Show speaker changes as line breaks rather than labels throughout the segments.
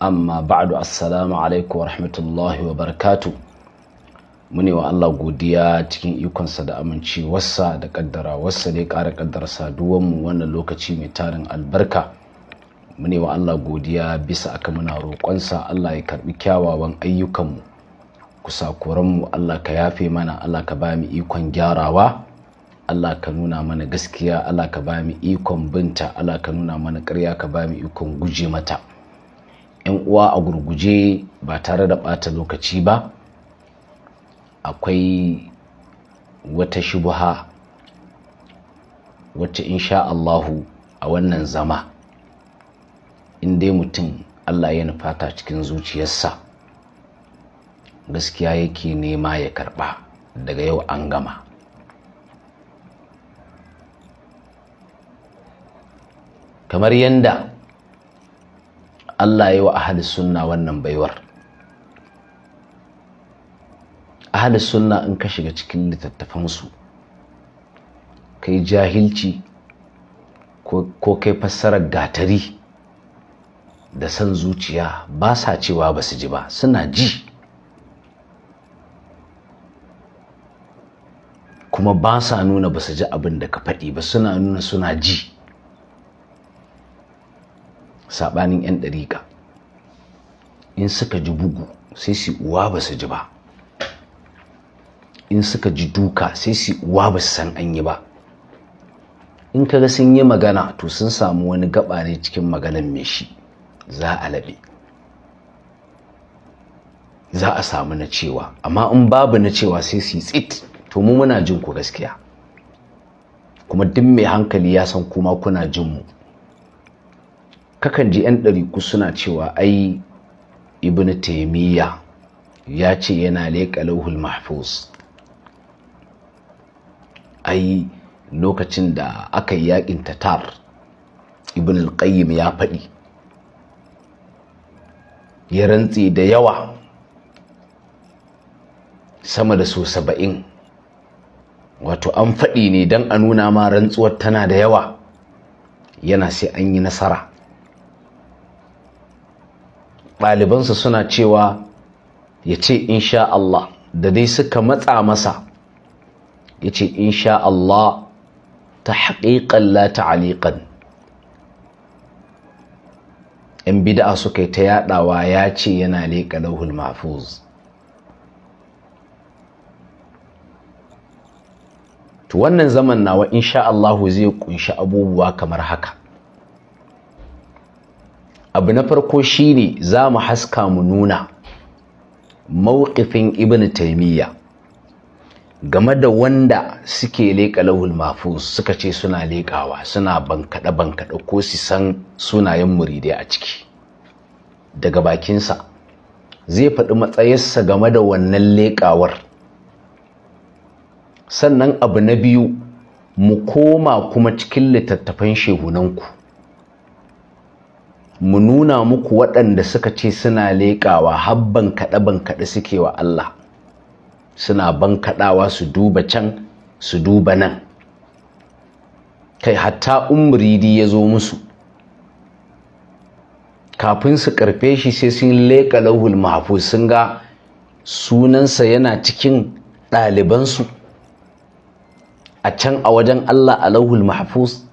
amma ba'du assalamu alaikum wa wa barakatu mune wa Allah godiya cikin ikonsa da amincewarsa da kaddara wasa ne kara kaddara duwan mu wannan lokaci mai tarin albarka mune wa Allah godiya bisa aka muna roƙonsa Allah ya karbi kyawawan ayyukan mu kusakuran mu Allah ka yafe mana Allah ka ba mu ikon gyarawa Allah ka nuna mana gaskiya Allah ka ba mu ikon binta Allah ka nuna mana ƙarya ka ba mu ikon guje mata 'yan uwa a gurguje ba tare da bata lokaci ba akwai wata shubuha wacce insha Allahu a wannan zama in dai mutum Allah ya nufata cikin zuciyarsa gaskiya yake nema ya karɓa daga yau an gama kamar yadda Allah ya wa ahli sunna wannan baiwar ahli sunna in ka shiga cikin littattafansu kai jahilci ko kai fassarar gatari da san zuciya ba sa cewa ba su ji ba suna ji kuma ba sa nuna ba su ji abin da ka faɗi ba suna nuna suna ji saɓanin 'yan ɗariƙa in suka ji bugu sai su uwa ba su ji ba in suka ji duka sai su uwa ba su san an yi ba in kaga sun yi magana to sun samu wani gaba ne cikin maganan mai shi za a labe za a samu na cewa amma in babu na cewa sai su yi tsit to mu muna jin ku gaskiya kuma duk mai hankali ya san kuma kuna jin mu kakan ji 'yan ku suna cewa ai ibn taimiyya ya ce yana leƙa lauhul mahfuz ai lokacin da aka yi yaƙin tatar ibn al ya faɗi ya rantse da yawa sama da so saba'in wato an faɗi ne don a nuna ma rantsuwar tana da yawa yana sai an yi nasara ɗalibansa suna cewa ya ce insha Allah da dai suka matsa masa ya ce insha Allah ta haƙiƙan la ta'aliƙan ‘yan bida'a suka yi ta yaɗawa ya ce yana leƙa lauhul mafuz to wannan zaman nawa insha Allahu zai kunshi abubuwa kamar haka abu na farko shine za mu haska mu nuna mawqifin ibn taymiya game da wanda suke leƙa lahul suka ce suna leƙawa suna bankaɗe bankaɗe ko su san sunayen muridai a ciki daga bakinsa zai faɗi matsayarsa game da wannan leƙawar sannan abu na biyu mu koma kuma cikin littattafan shehunanku mu nuna muku waɗanda suka ce suna leƙawa habban kaɗe ban kaɗe suke wa Allah suna ban kaɗawa su duba can su duba nan kai hatta umridi ya zo musu kafin su karfe shi sai sun leƙa lauhul mahfuz sun ga sunansa yana cikin ɗalibansu a can a wajen Allah a lauhul mahfuz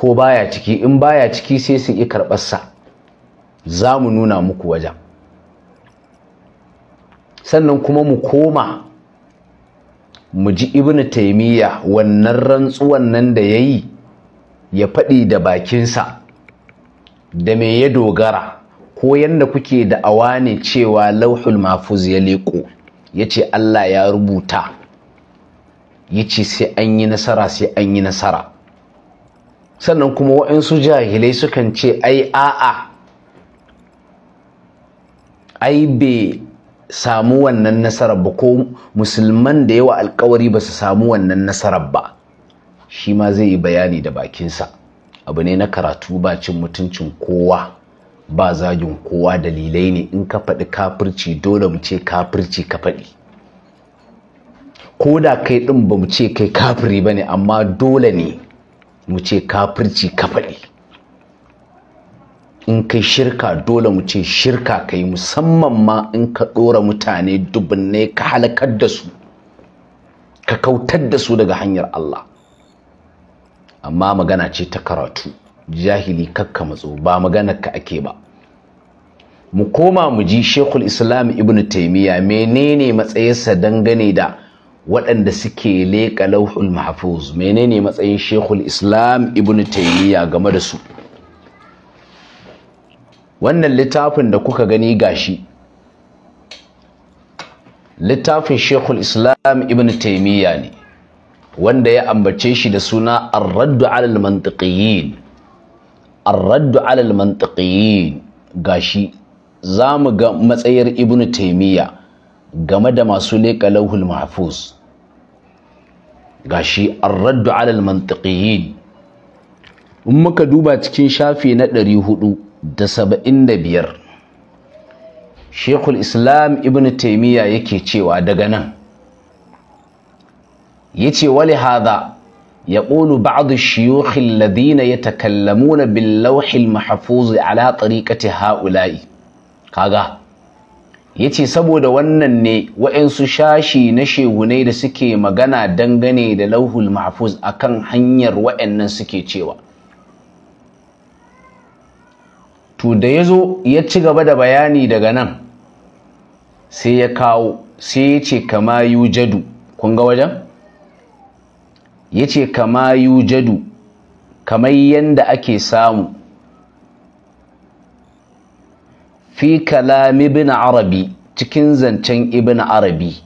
ko baya ciki in baya ciki sai su yi karɓarsa za mu nuna muku wajen sannan kuma mu koma mu ji ibnu taimiyya wannan rantsuwan nan da ya yi ya faɗi da bakinsa da me ya dogara ko yadda kuke da awa ne cewa lauhul mafuz ya leƙo ya ce allah ya rubuta ya ce sai an yi nasara sai an yi nasara sannan kuma waɗansu jahilai sukan ce ai a'a ai bai samu wannan nasarar ba ko musulman da yawa alkawari ba su samu wannan nasarar ba shi ma zai yi bayani da bakinsa abu ne na karatu ba cin mutuncin kowa ba zagin kowa dalilai ne in ka faɗi kafirci dole mu ce kafirci ka faɗi ko da kai ɗin ba mu ce kai kafiri ba ne amma dole ne mu ce kafirci ka faɗi in kai shirka dole mu ce shirka ka yi musamman ma in ka ɗora mutane ne ka halakar da su ka kautar da su daga hanyar Allah amma magana ce ta karatu jahili kakka matso ba maganar ka ake ba mu koma mu ji shekul islam ibn taimiyya menene matsayinsa dangane da waɗanda suke leƙa lauhul mahfuz menene matsayin shekul islam ibn taymiya game da su wannan littafin da kuka gani gashi littafin shekul islam ibn taymiya ne wanda ya ambace shi da suna arraddu raddu alal mantiqiyin ar-raddu alal mantiqiyin gashi mu ga matsayar ibn taymiya game da masu leƙa lauhul mahfuz gashi an raddu alal al in muka duba cikin shafi na ɗari da da saba'in biyar. Shekul Islam Ibn taimiyya yake cewa daga nan Ya ya ce yace wali hadha ya بعض ya الذين يتكلمون باللوح Mahfuzi ala طريقة ha'ula'i kaga ya ce saboda wannan ne wa'yansu shashi na shegunai da suke magana dangane da lauhul mahfuz a kan hanyar nan suke cewa to da ya zo ya ci gaba da bayani daga nan sai ya kawo sai ya ce kama yu jadu kun wajen ya ce kama yu jadu kamar yadda ake samu fi kalami ibn arabi cikin zancen ibn arabi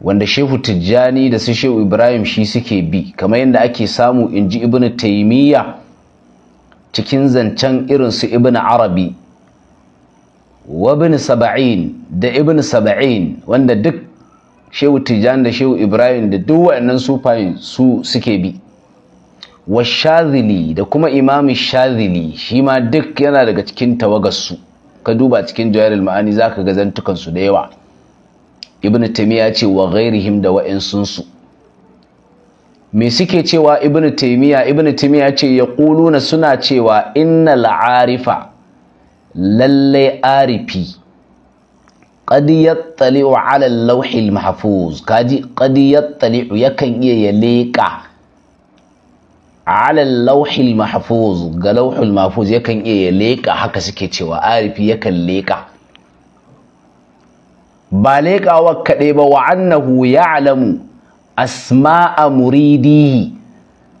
wanda shehu tijjani da su shehu ibrahim shi suke bi kamar yadda ake samu in ji ibn taimiyya cikin zancen irinsu ibn arabi wa ibn saba'in da ibn saba'in wanda duk shehu tijjani da shehu ibrahim da duk waannan sufayin su suke bi wa shazili da kuma imamu shazili shi ma duk yana daga cikin tawagarsu ka duba cikin jawahirul ma'ani ka ga zantukan da yawa Ibn taymiya ce wa ghairihim da wa'insun me suke cewa Ibn taymiya Ibn taymiya ce ya yaquluna suna cewa innal arifa lallai arifi qad yattali'u ala al mahfuz kaji yattali'u yakan iya ya leƙa alal lauhil mahfuz ga lauhil mahfuz yakan iya ya leƙa haka suke cewa arifi yakan leƙa ba leƙawa kaɗai ba wa annahu ya'lamu asma'a muridihi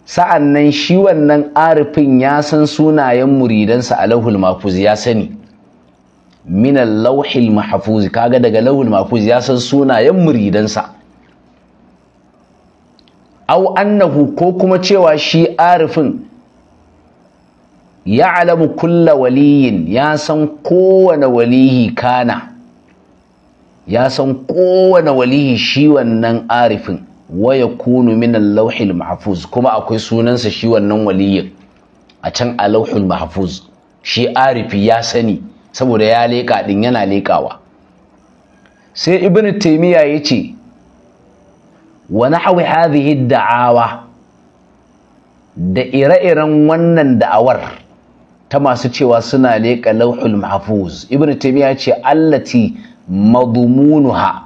sa'annan shi wannan arifin ya san sunayen muridansa a lauhil mahfuz ya sani min lauhil mahfuz kaga daga lauhul mahfuz ya san sunayen muridansa au annahu ko kuma cewa shi arifin ya alamu kulla waliyin ya san kowane walihi kana ya san kowane walihi shi wannan arifin waya kunu min lauhil mahfuz kuma akwai sunansa shi wannan waliyin a can a lauhin mahfuz shi arifi ya sani saboda ya leƙa din yana leƙawa sai ibnu taymiya yace ونحو هذه الدعاوى da'awa da ire-iren wannan da'awar ta masu cewa suna leƙa lauhul mahfuz ibn taymiya ce allati madumunuha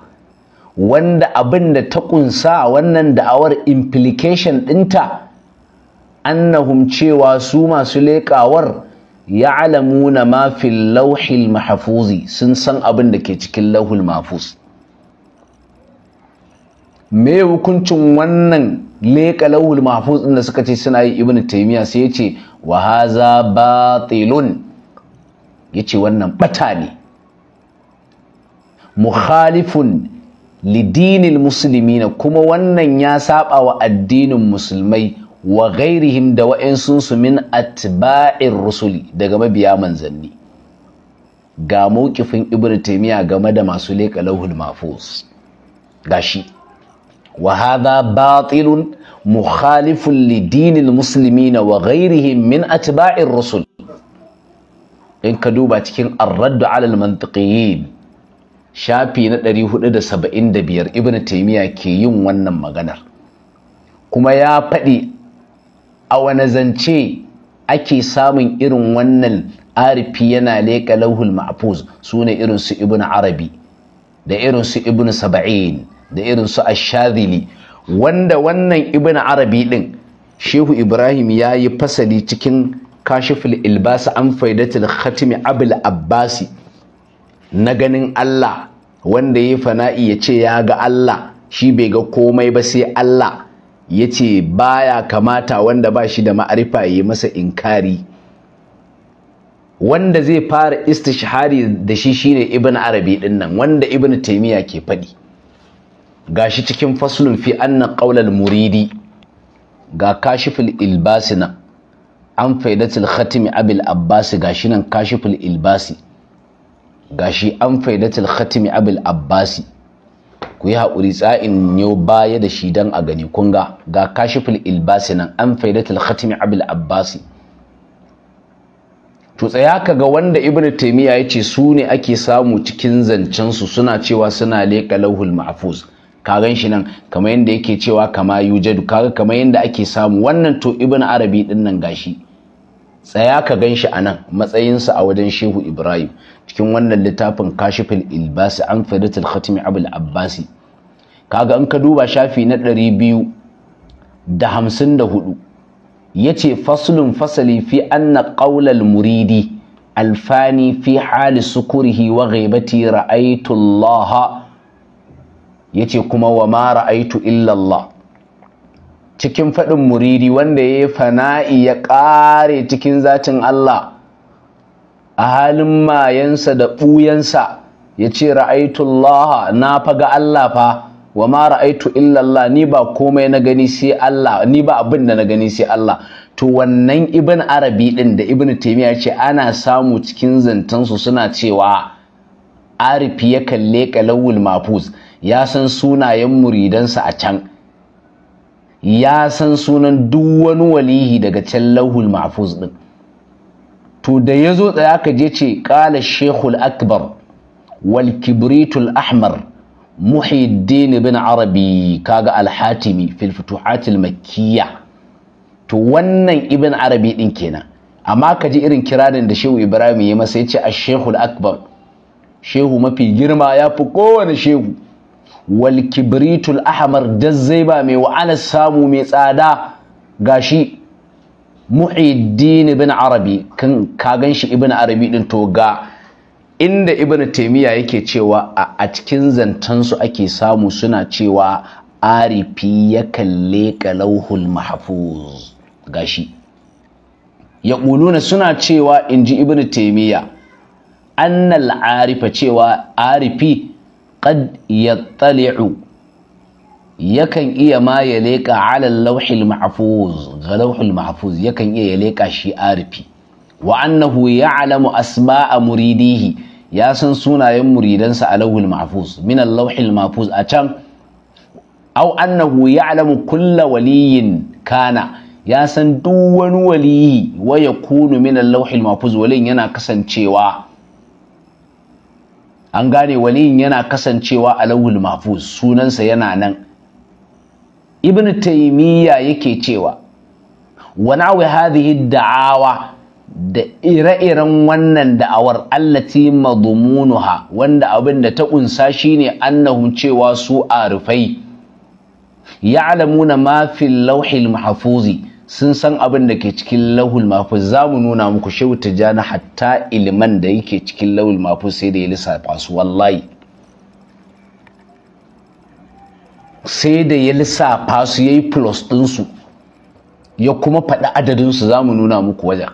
wanda abin da ta kunsa wannan da'awar implication ɗinta annahum cewa su masu leƙawar ya'lamuna ma fil lauhil mahfuzi sun san abin da ke cikin lauhul mahfuz me hukuncin wannan leƙa lawul mahfuz ɗin da suka ce suna yi ibnu taymiya sai ya ce wa haza batilun ya ce wannan bata ne mukhalifun lidinil muslimina kuma wannan ya saba wa addinin musulmai wa gairihim da su min atba'ir rusuli daga mabiya manzanni ga mawkifin ibnu taymiya game da masu leƙa lawul mahfuz gashi wa hadha batilun mukhalifun li dinil muslimina wa ghairihim min atba'ir rusul in ka duba cikin ar-raddu 'ala al-mantiqiyin shafi na 475 Ibn taymiya ke yin wannan maganar kuma ya faɗi a wani zance ake samun irin wannan arifi yana leƙa lauhul ma'fuz su ne irin su ibn arabi da irin su ibn saba'in da irin su ashadili wanda wannan ibn arabi din shehu ibrahim ya yi fasali cikin kashiful ilbasi an faidatul khatimi abul abbasi na ganin allah wanda ya fana'i ya ce ya ga allah shi bai ga komai ba sai allah ya ce baya kamata wanda ba shi da ma'arifa ya yi masa inkari wanda zai fara istishhari da shi shine ibn arabi din wanda ibn taimiyya ke faɗi Ga shi cikin faslun fi annan muridi ga kashiful na an faidatul khatimi abil abbasi Ga shi nan kashiful ilbasi ga shi an faidatul khatimi abil abbasi ku yi haƙuri tsa'in yau baya da shi don a gani kunga ga ga kashiful ilbasi nan an faidatul khatimi abil abbasi to tsaya ka ga wanda ibnu taimiyya ya ce su ne ake samu cikin zancensu suna cewa suna leƙa lauhul mahfuz ka gan shi nan kamar yadda yake cewa kama yujadu kaga kamar yadda ake samu wannan to ibn arabi din nan gashi tsaya ka gan shi a nan matsayinsa a wajen shehu ibrahim cikin wannan littafin kashifil ilbasi an fidatul khatimi abul abbasi kaga in ka duba shafi na ɗari biyu da hamsin da hudu ya ce faslun fasali fi anna ƙaular muridi alfani fi hali sukurihi wa ghaibati ra'aitullaha yace kuma wa mara ra'aitu illallah, cikin faɗin muridi wanda ya yi fana'i ya ƙare cikin zatin Allah a halin mayansa da ɓuyansa ya ce ra'aitullah na faga Allah fa wa ma ra'aitu illallah ni ba komai na gani sai Allah ni ba abin da na gani sai Allah to wannan Ibin arabi ɗin da ibn taymiya ce ana samu cikin zantansu suna cewa arifi ya kalle kalawul mafuz ya san sunayen muridansa a can ya san sunan duk wani walihi daga can lauhul mafuz din to da ya zo tsaya ka je ce ƙala shekul akbar wal kibritul ahmar muhiddin bin arabi kaga alhatimi fil futuhatil makkiya to wannan ibin arabi din kenan amma ka ji irin kiranin da shehu ibrahim ya masa ya ce a shekul akbar shehu mafi girma ya fi kowane shehu wal kibritul ahmar ba mai wa'ala samu mai tsada gashi muhiddin ibn arabi kan ka ganshi ibn arabi din to ga inda ibn taymiya yake cewa a cikin su ake samu suna cewa arifi ya kalle kalauhul mahfuz gashi ya ƙuluna suna cewa inji ibn taymiya annal arifa cewa arifi qad yattali'u yakan iya ma ya leƙa alal lauhil mahfuz ga lauhil mahfuz yakan iya ya leƙa shi arifi wa annahu ya'lamu asma'a muridihi ya san sunayen muridansa a lauhil mahfuz min lauhil mahfuz a can au annahu ya'lamu kulla waliyin kana ya san duk wani waliyi wa yakunu min lauhil mahfuz walin yana kasancewa an gane waliyin yana kasancewa a lawul mahfuz sunansa yana nan ibn taymiya yake cewa wa nawi hadhihi da'awa da ire-iren wannan da'awar allati madmunuha wanda abin da ta kunsa shine annahum cewa su arifai ya'lamuna ma fil lawhil mahfuzi sun san abin da ke cikin lahul mafus za mu nuna muku shehu tijjani hatta iliman da yake cikin lahul mafus sai da ya lissafa su wallahi sai da ya lissafa su ya yi plus ɗinsu ya kuma faɗi adadinsu za mu nuna muku wajen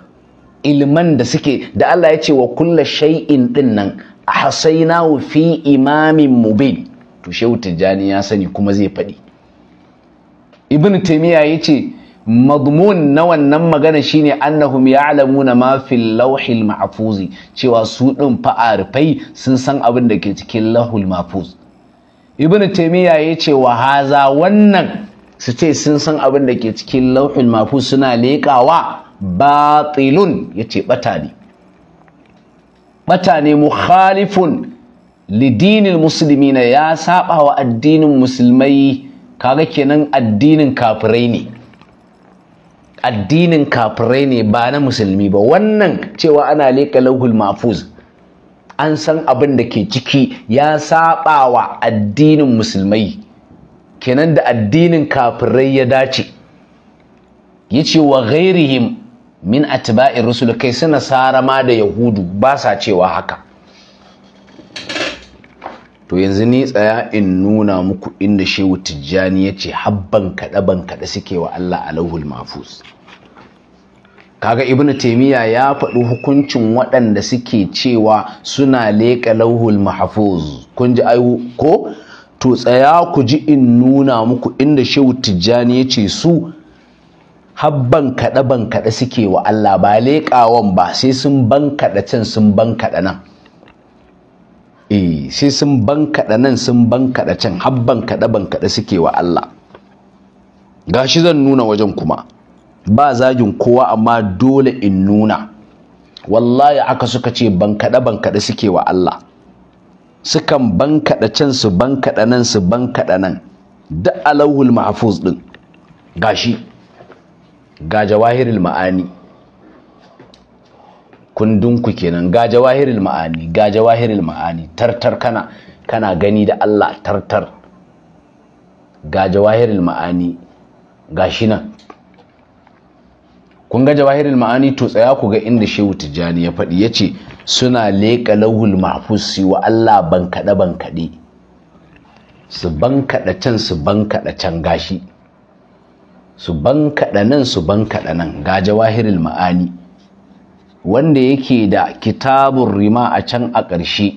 iliman da suke da Allah ya ce wa kulla shay'in din nan a hasainahu fi imamin mubin to shehu tijjani ya sani kuma zai faɗi ibn taymiya ya ce madmun na wannan magana shine annahum ya'lamuna ma fil lawhil mahfuz cewa su din fa'arfai sun san abin da ke cikin lahul mahfuz ibnu taymiya yace wa haza wannan su ce sun san abin da ke cikin lauhin mahfuz suna leƙawa batilun yace bata ɓatane. bata ne mukhalifun lidinin musulmina ya saba wa addinin musulmai kaga kenan addinin kafurai ne addinin kafirai ne ba na musulmi ba wannan cewa ana leka lauhul mafuz an san abin da ke ciki ya saba wa addinin musulmai kenan da addinin kafirai ya dace ya ce wa ghairihim min atba'i rusul kai suna sarama da yahudu ba sa cewa haka to yanzu ni tsaya in nuna muku inda shehu tijjani ya ce habban kaɗe ban kaɗe suke wa Allah a lauhul mafus kaga ibn taimiyya ya faɗi hukuncin waɗanda suke cewa suna leƙa lauhul mahfuz kun ji ayu ko to tsaya ku ji in nuna muku inda shehu tijjani ya ce su habban kaɗe ban kaɗe suke wa Allah ba leƙawan ba sai sun ban kaɗe can sun ban kaɗe nan eh sai sun bankaɗa nan sun bankaɗa can har bankaɗa bankaɗa suke wa Allah gashi zan nuna wajen kuma ba zagin kowa amma dole in nuna wallahi aka suka ce bankaɗe bankaɗe suke wa Allah sukan bankaɗa can su bankaɗe nan su bankaɗe nan duk alawul mahfuz din gashi ga jawahirul ma'ani kundinku kenan ga jawahirul ma'ani ga jawahirul ma'ani tartar kana kana gani da Allah tartar ga jawahirul ma'ani gashi nan kun ga jawahirul ma'ani to tsaya ku ga inda Shehu Tijjani ya faɗi yace suna leƙa lahul mahfuz wa Allah ban kada ban kade su ban kada can su ban kada can gashi su ban kada nan su ban kada nan ga jawahirul ma'ani wanda yake da kitabun rima a can a ƙarshe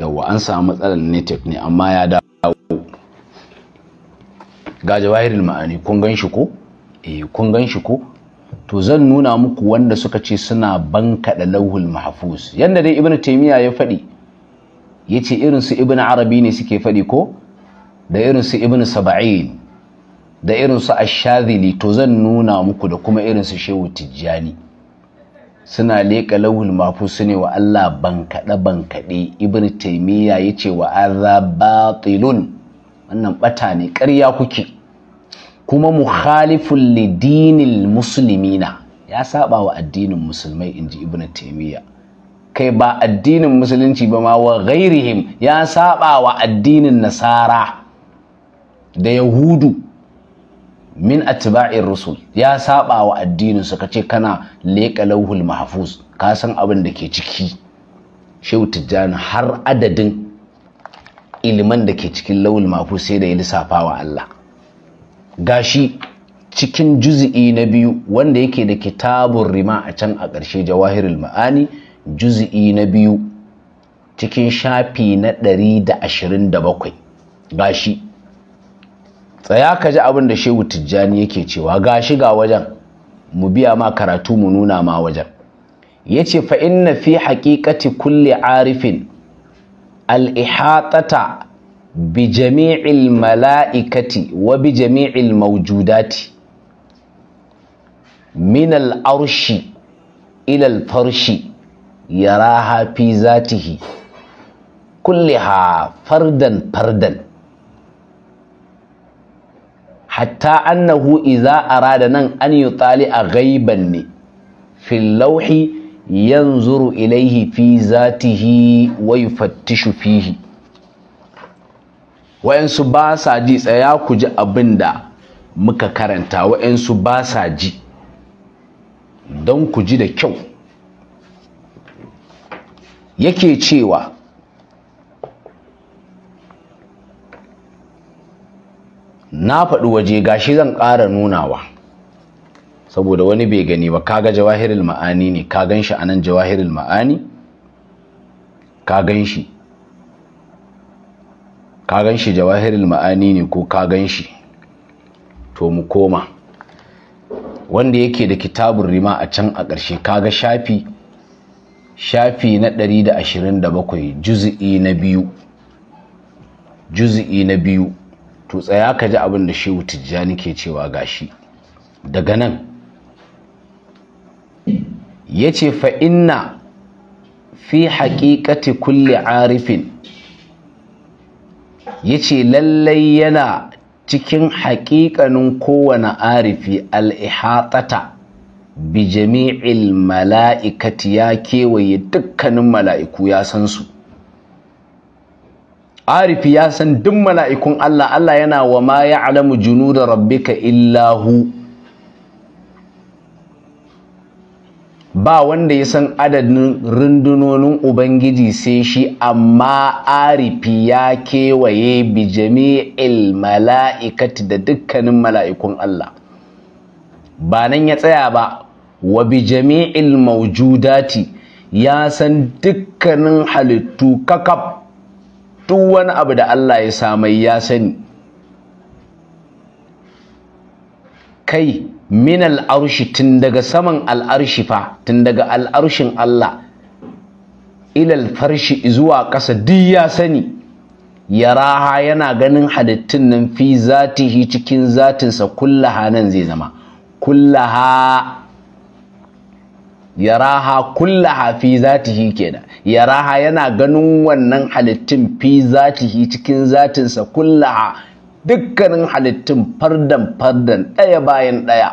yawwa an samu matsalar network ne amma ya dawo ga jawahirin ma'ani kun gan shi ko eh kun shi ko to zan nuna muku wanda suka ce suna bankaɗa lauhul mahfuz Yadda dai ibnu taymiya ya faɗi yace irin su ibnu arabi ne suke faɗi ko da irin su ibnu saba'in da irin su ashadili to zan nuna muku da kuma irin su shehu tijjani suna leƙa lauhul mafusu ne wa Allah bankaɗe bankaɗe ibn taimiyya ya ce wa aza batilun wannan ɓata ne ƙarya kuke kuma mukhalifun lidinil musulmina ya saba wa addinin musulmai in ji ibn taimiyya kai ba addinin musulunci ba ma wa ghairihim ya saba wa addinin nasara da yahudu min atba'ir rusul ya saba wa addinin su kace kana leƙa lauhul mahfuz ka san abin da ke ciki shehu tijjani har adadin iliman da ke cikin lauhul mahfuz sai da ya lissafa wa Allah gashi cikin juzi'i na biyu wanda yake da kitabun rima a can a ƙarshe jawahirul ma'ani juzi'i na biyu cikin shafi na 127 gashi tsaya ka ji abin da shehu tijjani yake cewa ga shi ga wajen mu biya ma karatu mu nuna ma wajen ya ce fa inna fi haƙiƙati kulle arifin al'ihatata bi jami'il mala'ikati wa bi jami'il maujudati min al'arshi ilal farshi yaraha fi zatihi ha fardan fardan hatta annahu idza arada nan an yutali a ghaiban ne fil lawhi yanzuru ilaihi fi zatihi wa yufattishu fihi wa'ansu ba sa ji tsaya ku ji abin muka karanta wayansu ba sa ji don ku ji da kyau yake cewa na faɗi waje gashi zan ƙara nunawa saboda wani bai gani ba kaga jawahirul ma'ani ne ka gan shi anan jawahirul ma'ani ka gan shi ka gan shi jawahirul ma'ani ne ko ka gan shi to mu koma wanda yake da kitabun rima a can a ƙarshe kaga shafi shafi na 127 juz'i na biyu juz'i na biyu to tsaya ka ji abin da shehu tijjani ke cewa gashi daga nan ya ce fa'inna fi haƙiƙati kulle arifin ya ce lallai yana cikin haƙiƙanin kowane arifi al'ihatata bi jami'il mala'ikati ya kewaye dukkanin mala'iku ya san su arifi ya san duk mala'ikun Allah Allah yana wa ma ya'lamu junuda rabbika illa hu ba wanda ya san adadin rundunonin ubangiji sai shi amma arifi ya kewaye bi jami'il mala'ikati da dukkanin mala'ikun Allah ba nan ya tsaya ba wa bi jami'il maujudati ya san dukkanin halittu kakab duk wani abu da Allah ya samai ya sani kai min al'arshi tun daga saman al'arshi fa tun daga al'arshin Allah ilal farshi zuwa ƙasa duk ya sani ya raha yana ganin halittun nan fi zatihi cikin zatinsa kullaha nan zai zama kullaha yaraha kullaha fi zatihi kenan yaraha yana ganin wannan halittun fi zatihi cikin zatinsa kullaha dukkanin halittun fardan fardan ɗaya bayan ɗaya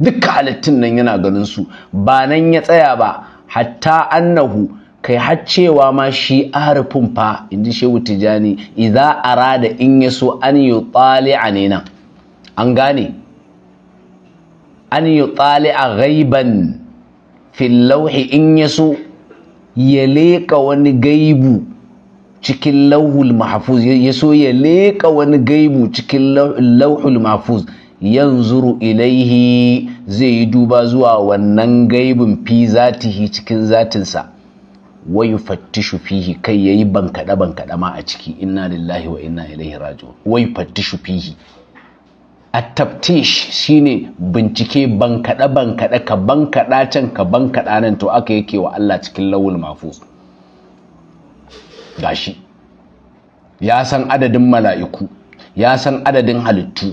dukkan halittun nan yana ganin su ba nan ya tsaya ba hatta annahu kai har cewa ma shi arifin fa inji shehu tijani idza arada in yaso an yutali'a ne nan an gane an yi tsali a gaiban fillauhi in ya so ya leƙa wani gaibu cikin lauhul mahfuz ya so ya leƙa wani gaibu cikin lauhul mahfuz zuru ilaihi zai yi duba zuwa wannan gaibin fi zatihi cikin zatinsa wa yufattishu fihi kai yayi bankada bankada ma a ciki inna lillahi wa inna ilaihi raji'un wa yufattishu fihi a taftish shine bincike bankaɗe bankaɗe ka kaɗa can ka kaɗa nan to aka yake wa Allah cikin lawul mafus gashi ya san adadin mala'iku ya san adadin halittu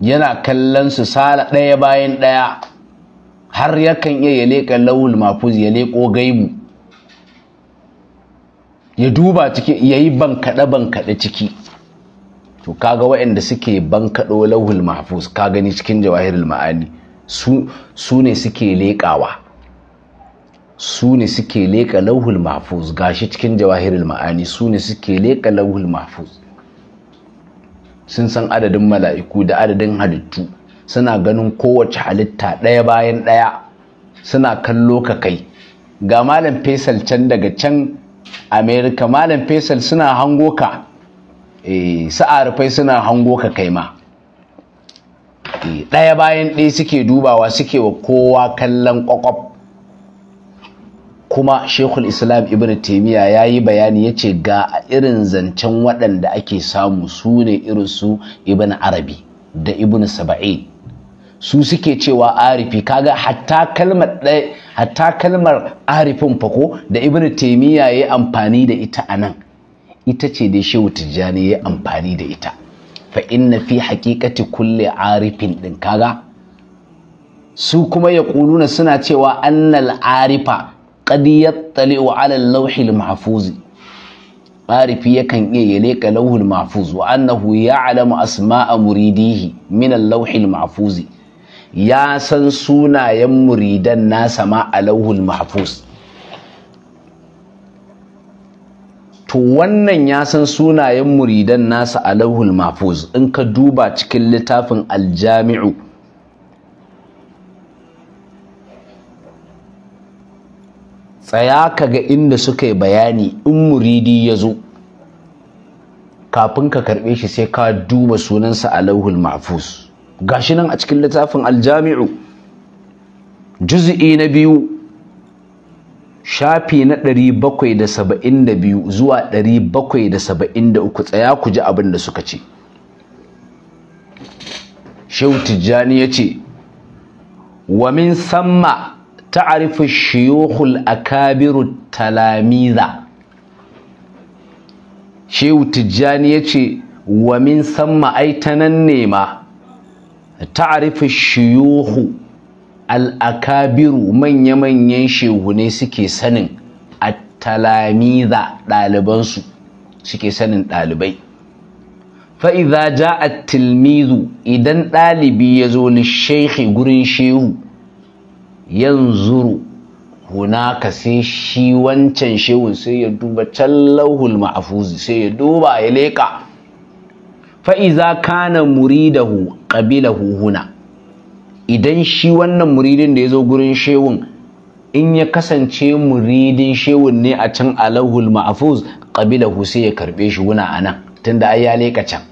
yana kallon su sala ɗaya bayan ɗaya har yakan iya ya leka lawul mafuz ya leko gaibu ya duba ciki ya yi bankaɗe bankaɗe ciki to kaga waɗanda suke bankaɗo lauhul mahfuz ka gani cikin jawahirul ma'ani su ne suke leƙawa su ne suke leƙa lauhul mahfuz gashi cikin jawahirul ma'ani su ne suke leƙa lauhul mahfuz sun san adadin mala'iku da adadin halittu suna ganin kowace halitta ɗaya bayan ɗaya suna kallo ka kai ga malam faisal can daga can america malam faisal suna hango ka Eh, sa'arufai suna hango ka kai ma eh, ɗaya bayan ɗaya suke dubawa suke wa kowa kallon ƙwaƙwaf kuma shekul islam ibn taimiyya ya yi bayani ya ce ga irin zancen waɗanda ake samu sune ne irin su ibn arabi da ibn saba'in su suke cewa arifi kaga hatta kalmar hatta kalmar arifin fako da ibn taimiyya ya yi amfani da ita a nan ita ce dai shehu tijjani ya amfani da ita fa inna fi haqiqati kulli arifin ɗin kaga su kuma ya kuluna suna cewa annal arifa qad yattali'u ala al-lawhil mahfuz arifi yakan iya ya ka lawhul mahfuz wa annahu ya'lamu asma'a muridihi min al-lawhil ya san sunayen muridan nasa ma a lawhul mahfuz to wannan ya san sunayen muridan nasa a lauhul mafuz in ka duba cikin littafin aljami'u tsaya ka ga inda suka yi bayani in muridi ya zo kafin ka karɓe shi sai ka duba sunansa a lauhul mafuz gashi nan a cikin littafin aljami'u juzi'i na biyu shafi na 772 zuwa 773 tsaya ku ji abin da suka ce shehu tijjani ya ce wa min samma ta'arifu a akabiru talamiza shehu tijjani ya ce wa min samma ai ta nan ne shiyuhu al'akabiru manya-manyan shehune suke sanin a talamiza ɗalibansu suke sanin ɗalibai fa'iza ja a tilmizu idan ɗalibi ya zo ni shehi gurin shehu huna ka sai shi wancan shehun sai ya duba can lauhul ma'afuzi sai ya duba ya leƙa fa'iza kana muridahu ƙabilahu huhuna. idan shi wannan muridin da ya zo gurin shewun in ya kasance muridin shewun ne a can alahul ma'afuz ƙabilahu sai ya karɓe shi wuna a nan tunda da ya leƙa can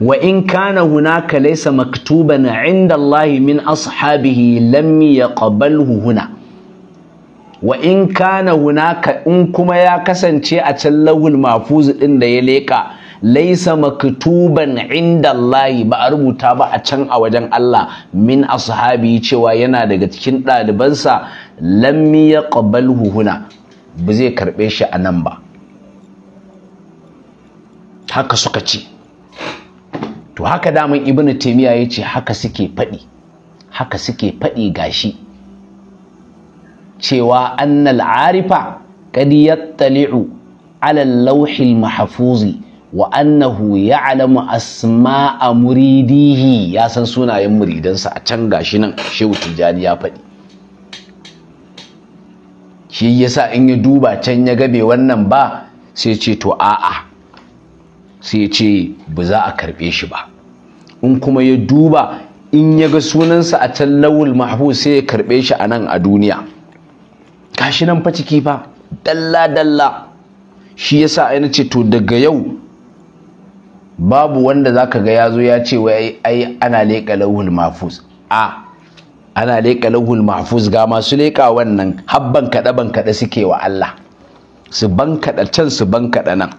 wa in kana hunaka laysa maktuban inda allahi min ashabihi ya yaqbalhu huna wa in kana hunaka in kuma ya kasance a can lahul mafuz ɗin da ya leƙa laisa maktuban inda Allah ba a rubuta ba a can a wajen Allah min ashabi cewa yana daga cikin ɗalibansa ya ƙabal huna ba zai karɓe shi a nan ba haka suka ce to haka daman ibnu taymiya ce haka suke faɗi haka suke faɗi gashi cewa annal arifa qad yattali'u ala al mahafuzi. wa annahu ya'lamu asma'a muridihi ya san sunayen muridansa a can gashi nan shehu Tijjani ya faɗi shi sa in ya duba can ya gabe wannan ba sai ce to a'a sai ce ba za a karɓe shi ba in kuma ya duba in ya ga sunansa a can lawul mahfuz sai ya karɓe shi a nan a duniya gashi nan fa ciki dalla dalla shi yasa ai ce to daga yau babu wanda za zaka ga yazo ya ce wai ai ana leƙa lauhul mahfuz a ana leƙa lauhul mahfuz ga masu leƙa wannan habban kaɗe ban kaɗe suke wa Allah su ban kaɗa can su ban kaɗa nan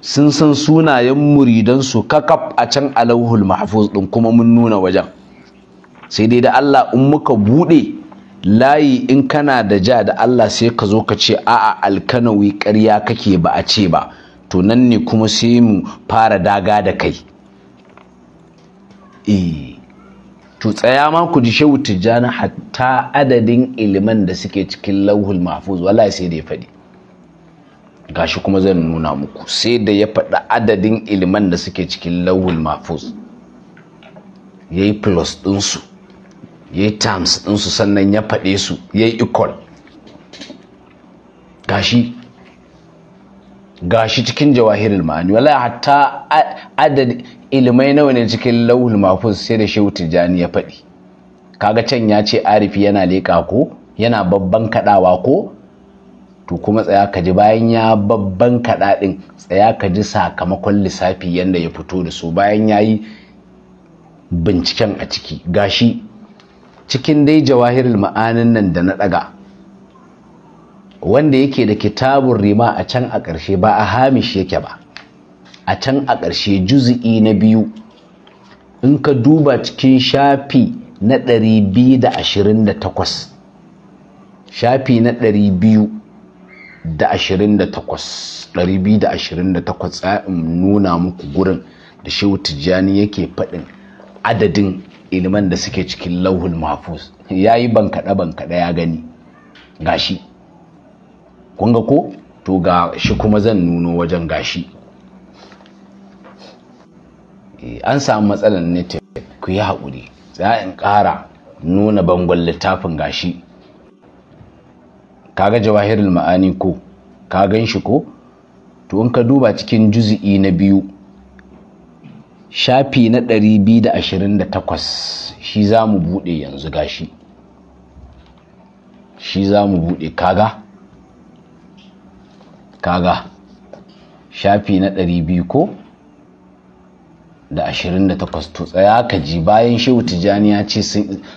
sun san sunayen muridansu kakaf a can a lauhul mahfuz ɗin kuma mun nuna wajen sai dai da Allah in muka buɗe layi in kana da ja da Allah sai ka zo ka ce a'a alkanawi ƙarya kake ba a ce ba to nan ne kuma sai mu fara daga da kai e to tsaya ma ku ji shehu tijjani hatta adadin iliman da suke cikin lauhul mahfuz wallahi sai da ya faɗi gashi kuma zan nuna muku sai da ya faɗi adadin iliman da suke cikin lauhul mahfuz ya yi plus ɗinsu ya yi times ɗinsu sannan ya faɗe su ya yi equal gashi gashi cikin jawahirul ma'ani wala hatta adad ilmai nawa ne cikin lawul mahfuz sai da shehu tijani ya faɗi kaga can ya ce arifi yana leƙa ko yana babban kaɗawa ko to kuma tsaya ka ji bayan ya babban kaɗa ɗin tsaya ka ji sakamakon lissafi yanda ya fito da su bayan ya yi binciken a ciki gashi cikin dai jawahirul ma'anin nan da na ɗaga wanda yake da kitabun rima a can a ƙarshe ba a hamish yake ba a can a ƙarshe juzi'i na biyu in ka duba cikin shafi na 228 shafi na 228 tsa'in nuna muku gurin da shehu tijjani yake faɗin adadin ilman da suke cikin lauhul mahfuz ya yi bankaɗe-bankaɗe ya gani gashi kun ga ko to ga shi kuma zan nuno wajen gashi eh, an samu matsalar network ku yi haƙuri za in ƙara nuna bangon littafin gashi kaga jawahirul ma'ani ko ka gan shi ko to in ka duba cikin juzi'i na biyu shafi na 228 shi za mu buɗe yanzu gashi shi za mu buɗe kaga kaga shafi na ɗari biyu ko da ashirin da takwas to tsaya ka ji bayan shehu tijjani ya ce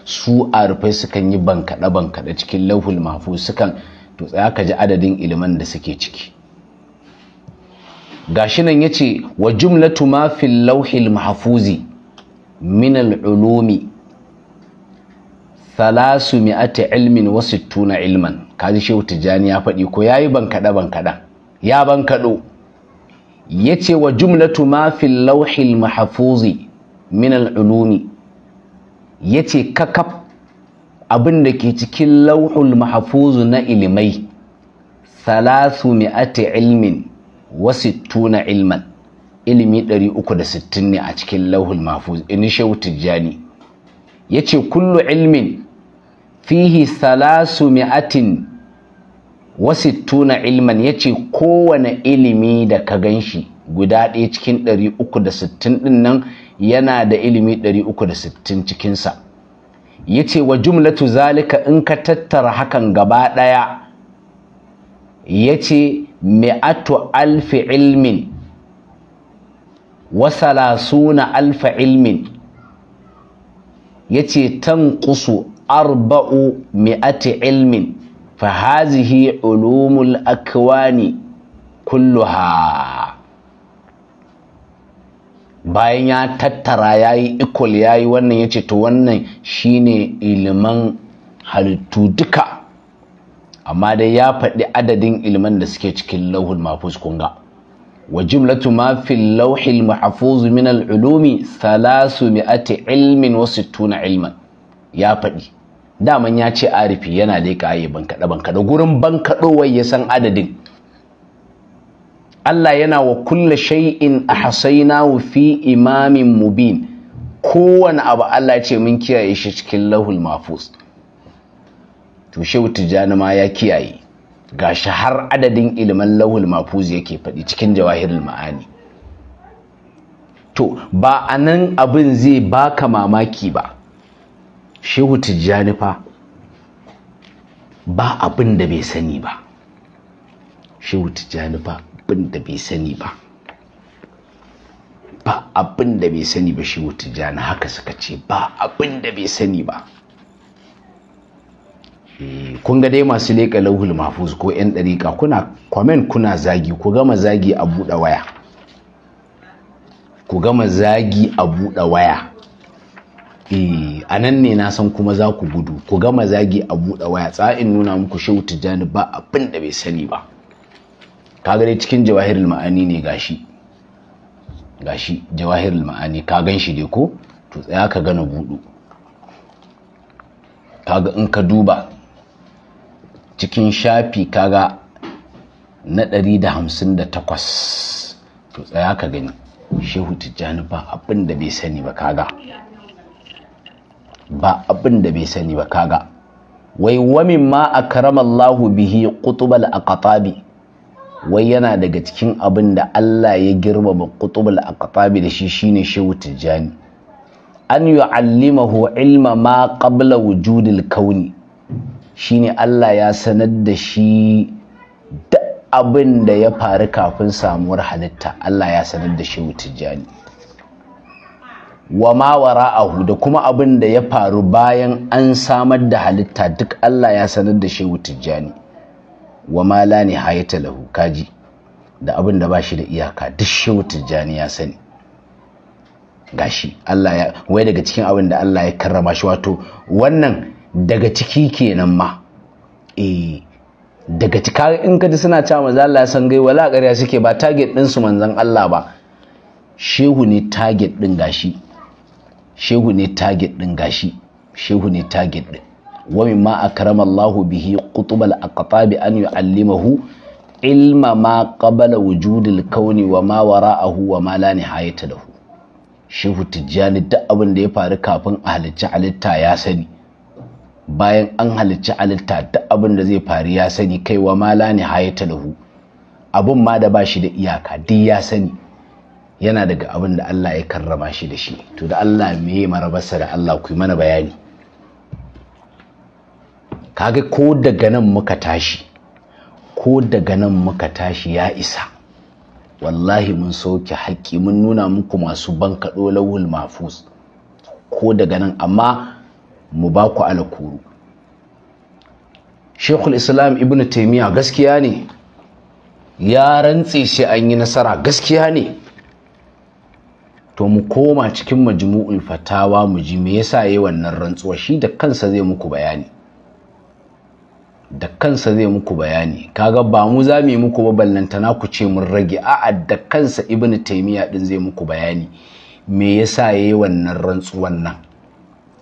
su a rufai sukan yi bankaɗe bankaɗe cikin lauhul mafu sukan to tsaya ka ji adadin ilimin da suke ciki gashi nan ce, wa jumlatu ma fil lauhil mahfuzi min al ulumi thalasu mi'ati ilmin wa sittuna ilman kaji shehu tijjani ya faɗi ko yayi bankaɗe bankaɗe ya bankaɗo ya ce wa jumlatu ma fil lauhil mahafuzi min al'ulumi ya ce kakaf abin da ke cikin lauhul mahafuzu na ilimai salasu mi'ati ilmin wasu tuna ilman ilimi 360 ne a cikin lauhul mahafuzi. in shehu tijjani ya ce kullu ilmin fihi salasu mi'atin wasittuna ilman ya ce kowane ilimi da ka gan shi guda ɗaya cikin 360 ɗin nan yana da ilimi 360 cikinsa ya ce wa jumlatu zalika in ka tattara hakan gaba ɗaya ya ce mi'atu alfi ilmin wa salasuna alfa ilmin ya ce tan kusu arba'u mi'ati ilmin فهذه علوم ulumul akwani bayan ya tattara ya yi ikul ya yi wannan ya ce to wannan shine ilman halittu duka amma dai ya faɗi adadin ilman da suke cikin lauhul mahfuz kunga wa jumlatu ma fil lauhil mahfuz min al ulumi 300 ilmin wasu 60 ilman ya faɗi daman ya ce arifi yana leƙa ya bankaɗe bankaɗe gurin bankaɗowar ya san adadin Allah yana wa kulle shay'in ahsaynahu fi imamin mubin kowane abu Allah ya ce mun kiyaye shi cikin lahul mahfuz to shehu tijani ma ya kiyaye gashi har adadin ilimin lahul mahfuz yake faɗi cikin jawahirul ma'ani to ba anan abin zai baka mamaki ba shehu tijjani fa ba abin da bai sani ba shehu tijjani fa abin da bai sani ba ba abin da bai sani ba shehu tijjani haka suka ce ba abin da bai sani ba eh, kun ga dai masu leƙa lauhul mahfuz ko 'yan ɗariƙa kuna kwamen kuna zagi ku gama zagi a buɗe waya ku gama zagi a buɗe waya Eh, a nan ne na san kuma za ku gudu ku gama zagi a buɗe waya tsa'in nuna muku shehu tijjani ba abin da bai sani ba ka dai cikin jawahirul ma'ani ne gashi gashi jawahirul ma'ani ka gan shi dai ko to tsaya ka gana buɗu kaga in ka duba cikin shafi kaga na 158 to tsaya ka gani shehu tijjani ba abin da bai sani ba kaga ba abin da bai sani ba kaga wai wamin ma akramallahu bihi qutubal aqtabi wai yana daga cikin abin da Allah ya girmama a aqtabi da shi shine shehu tijjani an yu'allimahu ilma ma qabla wujudil kauni shine Allah ya sanar da shi duk abin da ya faru kafin samuwar halitta Allah ya sanar da shehu tijjani wa ma wara'ahu da kuma abin da ya faru bayan an samar da halitta duk Allah ya sanar da shehu tijjani wa ma la hayata lahu kaji da abin da ba shi da iyaka duk shehu tijjani ya sani gashi Allah ya wai daga cikin abin da Allah ya karrama shi wato wannan daga ciki kenan ma eh daga cika in ka suna cewa manzo Allah ya san gai wala ƙarya suke ba target ɗinsu manzon Allah ba shehu ne target ɗin gashi shehu ne target din gashi shehu ne target din wa mimma akrama Allah bihi qutub al-aqtab an yu'allimahu ilma ma qabala wujudil kauni wa ma wara'ahu wa ma la nihayata lahu shehu tijjani duk abin da ya faru kafin a halicci halitta ya sani bayan an halicci halitta duk abin da zai faru ya sani kai wa ma la nihayata lahu abin ma da ba shi da iyaka duk ya sani yana daga abin da Allah ya karrama shi da shi to da Allah me marabarsa da Allah ku yi mana bayani kaga ko daga nan muka tashi ko daga nan muka tashi ya isa wallahi mun soke haƙƙi mun nuna muku masu bankaɗo lauhul mafus ko daga nan amma mu ba ku alakuru shekul islam ibn taimiyya gaskiya ne ya rantse sai an yi nasara gaskiya ne to mu koma cikin majmu'ul fatawa mu ji me yasa yayi wannan rantsuwa shi da kansa zai muku bayani da kansa zai muku bayani kaga ba mu za mu yi muku ba ballantana ku ce mun rage a'a da kansa ibnu taymiya din zai muku bayani me yasa yayi wannan rantsuwan nan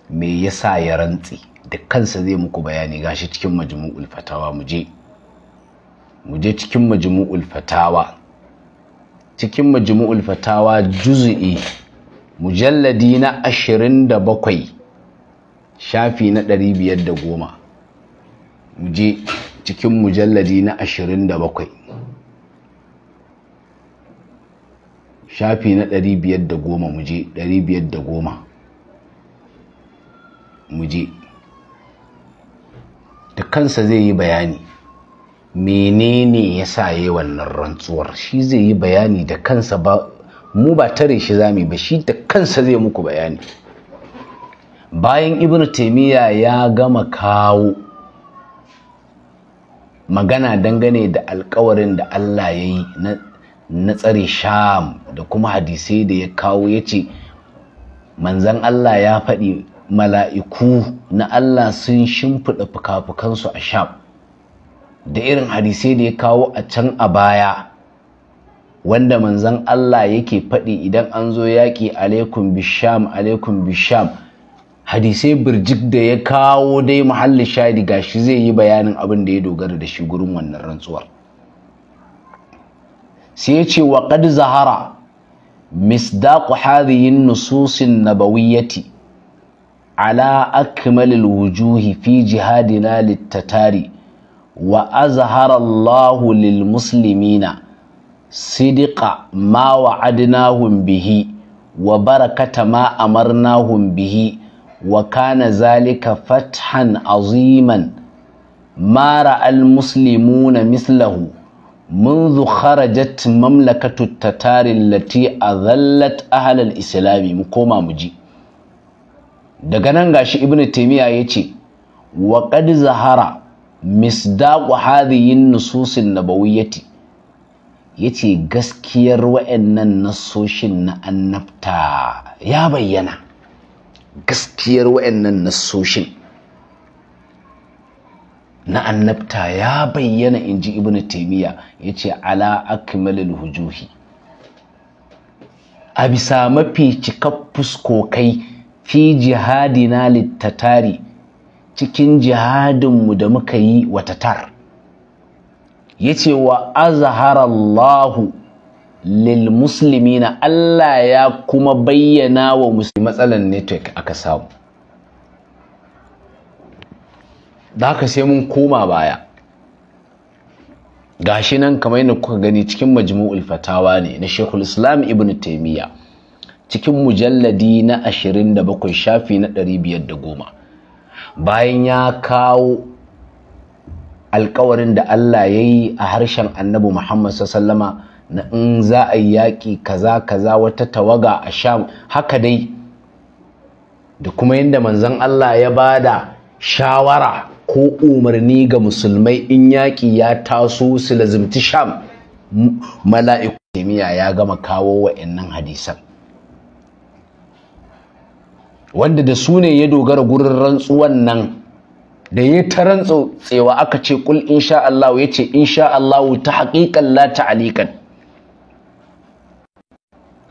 me yasa ya rantsi da kansa zai muku bayani gashi cikin majmu'ul fatawa mu je cikin majmu'ul fatawa cikin majmu'ul fatawa juz'i mujalladi na 27 shafi na 510 muje cikin mujalladi na 27 shafi na 510 muje 510 muje da kansa zai yi bayani menene ya sa ya yi wannan rantsuwar shi zai yi bayani da kansa ba mu ba tare shi zami ba shi da kansa zai muku bayani bayan ibn taimiyya ya gama kawo magana dangane da alkawarin da allah ya yi na tsare sham da kuma hadisai da ya kawo ya ce manzan allah ya faɗi mala'iku na allah sun shimfiɗa fuka-fukansu a sham da irin hadisai da ya kawo a can a baya wanda manzan Allah yake faɗi idan an zo yaƙi alaikum bisham alaikum bisham hadisai birjik da ya kawo dai muhalli shadi shi zai yi bayanin abin da ya dogara da shi gurin wannan rantsuwar sai ya ce wa qad zahara misdaqu hadhihi an-nusus an-nabawiyyati ala akmalil wujuhi fi jihadina lit-tatari wa azharallahu lil muslimina sidiƙa ma wa'adnahum bihi wa barakata ma amarnahum bihi wa kana zalika fathan aziman mara ma ra'al muslimuna mislahu منذ خرجت مملكة التتار التي أذلت أهل الإسلام مكوما مجي دقنان غاشي ابن تيمية يتي وقد زهر misdaqu hadhihin nususin nabawiyyati ce gaskiyar wa'annan nasoshin na annabta ya bayyana gaskiyar wa'annan nasoshin na annabta ya bayyana in ji Ibn ibnu ya ce ala akmalil hujuhi a bisa mafi cikar fuskokai fi jihadina littatari cikin jihadinmu da muka yi wa tar ya ce wa azharallahu lil muslimina Allah ya kuma bayyana wa musulmi matsalan network aka samu da haka sai mun koma baya gashi nan kamar yadda kuka gani cikin majmu'ul fatawa ne na shekul islam ibn taimiyya cikin mujalladi na 27 shafi na 510 bayan ya kawo alkawarin da Allah ya yi a harshen annabi Muhammad sallama na in za a yi yaƙi kaza kaza wata tawaga a sham haka dai da kuma yadda manzon Allah ya ba da shawara ko umarni ga musulmai in yaƙi ya taso su lazimci sham mala'iku ya gama kawo wa'annan hadisan wanda da su ne ya dogara gurin rantsuwan nan da ya ta rantsu tsewa, aka ce kul insha Allah ya ce insha Allah ta haƙiƙan la alikan.'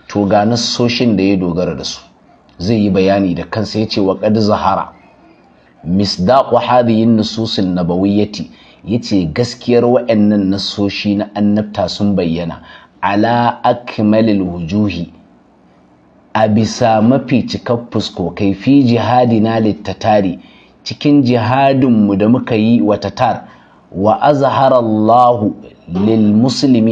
to ga nassoshin da ya dogara da su zai yi bayani da kansa ya ce wa qad zahara misdaqu hadhihi an-nusus an-nabawiyyati yace gaskiyar wa'annan nasoshi na annabta sun bayyana ala akmalil wujuhi a bisa mafi cikar kaifi fi na littatari cikin jihadinmu da muka yi wa tatar wa azharallahu lil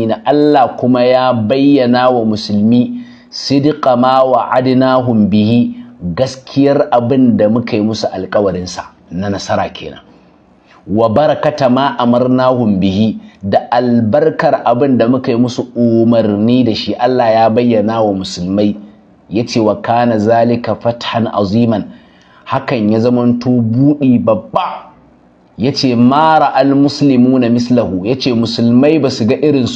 na Allah kuma ya bayyana wa musulmi sidqa ma wa'adnahum bihi gaskiyar abin da muka yi musu alkawarinsa na nasara kenan wa barakata ma amarnahum bihi da albarkar abin da muka yi musu umarni da shi Allah ya bayyana wa musulmai Ya ce wa kana zalika fathan aziman hakan ya zamanto buɗi babba Ya ce mara al na mislahu ce musulmai basu ga irin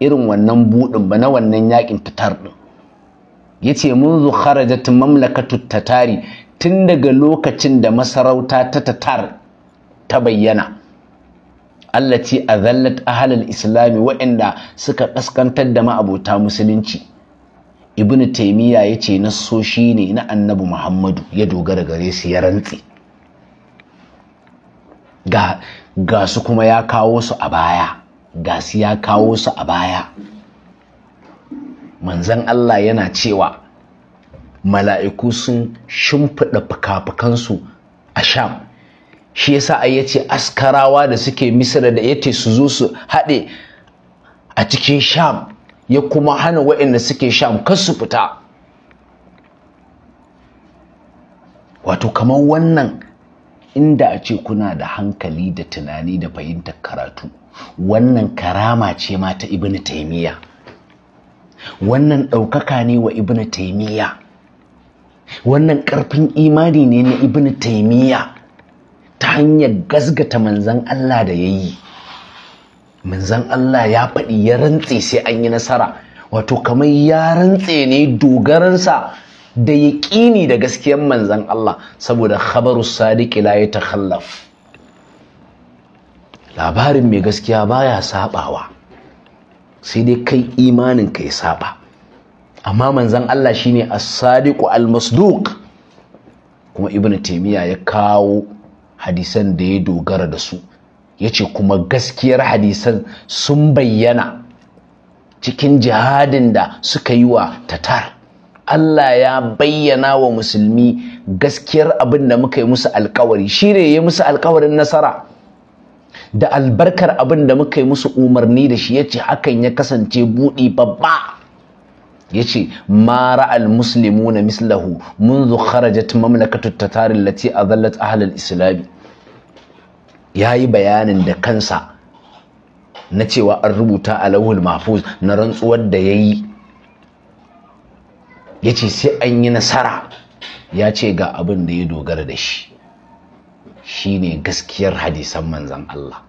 irin wannan buɗin ba na wannan yakin tatar din yace zu kharajat mamlakatu tatari tun daga lokacin da masarauta ta tatar ta bayyana Allah ce a zallat ahalar islami waɗanda suka kaskantar da ma'abota musulunci ibn taimiyya ya ce shi ne na annabi muhammadu ya dogara gare su ya rantse ga su kuma ya kawo su a baya ga su ya kawo su a baya manzan allah yana cewa mala'iku sun shimfiɗa fuka a sham shi yasa ya yace askarawa da suke misira da yace su zo su haɗe a cikin sham ya kuma hana waɗanda suke sham kar su fita wato kamar wannan inda a ce kuna da hankali da tunani da fahimtar karatu wannan karama ce ma ta ibnu taimiyya wannan ɗaukaka ne wa ibnu taimiyya wannan ƙarfin imani ne na ibnu taimiyya ta hanyar gasgata manzan Allah da ya yi manzan Allah ya faɗi ya rantse sai an yi nasara wato kamar ya rantse ne dogaransa da yaƙini da gaskiyar manzan Allah saboda khabaru sadiqi la yatakhallaf labarin mai gaskiya baya sabawa sai dai kai imanin ya saba amma manzan Allah shine as-sadiqu al-masduq kuma ibnu taymiya ya kawo hadisan da ya dogara da su Ya ce kuma gaskiyar hadisan sun bayyana cikin jihadin da suka yi wa tatar Allah ya bayyana wa musulmi gaskiyar abin da muka yi musu alkawari shi ne ya musu alkawarin nasara da albarkar abin da muka yi musu umarni da shi ya ce hakan ya kasance buɗi babba Ya yace ma ra'al na mislahu منذ mamlakatu مملكة lati a أذلت ahalar islami ya yi bayanin da kansa na cewa an rubuta a lauhul mafuz na rantsuwar da ya yi ya ce sai an yi nasara ya ce ga abin da ya dogara da shi shi ne gaskiyar hadisan manzan Allah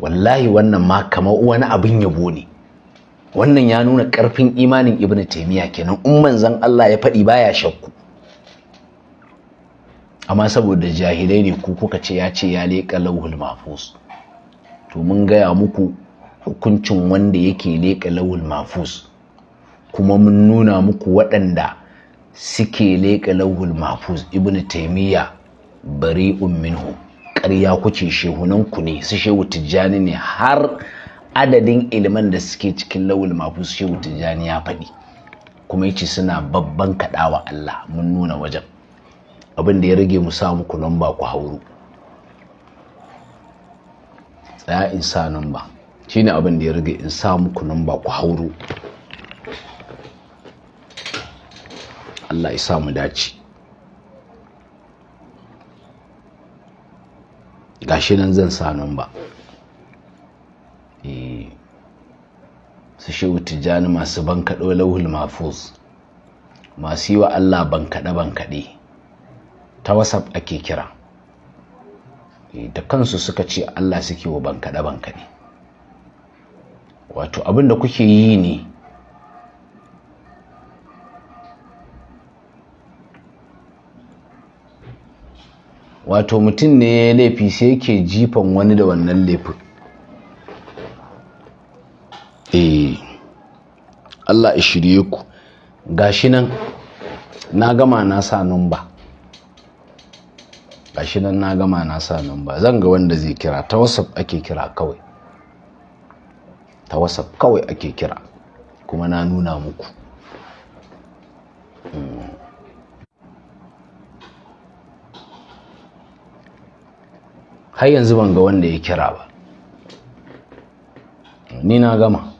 wallahi wannan ma kamar wani abin yabo ne wannan ya nuna ƙarfin imanin Ibn taimiyya kenan in manzan Allah ya faɗi baya shakku amma saboda jahilai ne ko kuka ce ya ce ya leƙa lauhul mafus to mun gaya muku hukuncin wanda yake leƙa lauhul mafus kuma mun nuna muku waɗanda suke leƙa lauhul mafus ibnu taimiyya bari'un minhu ƙarya kuce ku ne su shehu tijjani ne har adadin iliman da suke cikin lauhul mafus shehu tijjani ya faɗi kuma yace suna babban kaɗawa Allah mun nuna wajen abin da ya rage mu sa muku lamba ku hauru tsaya in sa namba shine abin da ya rage in sa muku lamba ku hauru Allah ya sa mu dace gashi nan zan sa ba eh. su shehu tijjani masu kaɗo lauhul mafuz masu yi wa Allah kaɗe. ta whatsapp ake kira eh, da kansu suka ce allah suke wa bankaɗe bankaɗe wato abin da kuke yi ne wato mutum ne ya laifi sai yake jifan wani da wannan laifin eh allah ya shirye ku gashi nan na gama na sa numba gashi nan na gama na sa nan ba zan ga wanda zai kira ta whatsapp ake kira kawai ta whatsapp kawai ake kira kuma na nuna muku har yanzu ban ga wanda ya kira ba ni na gama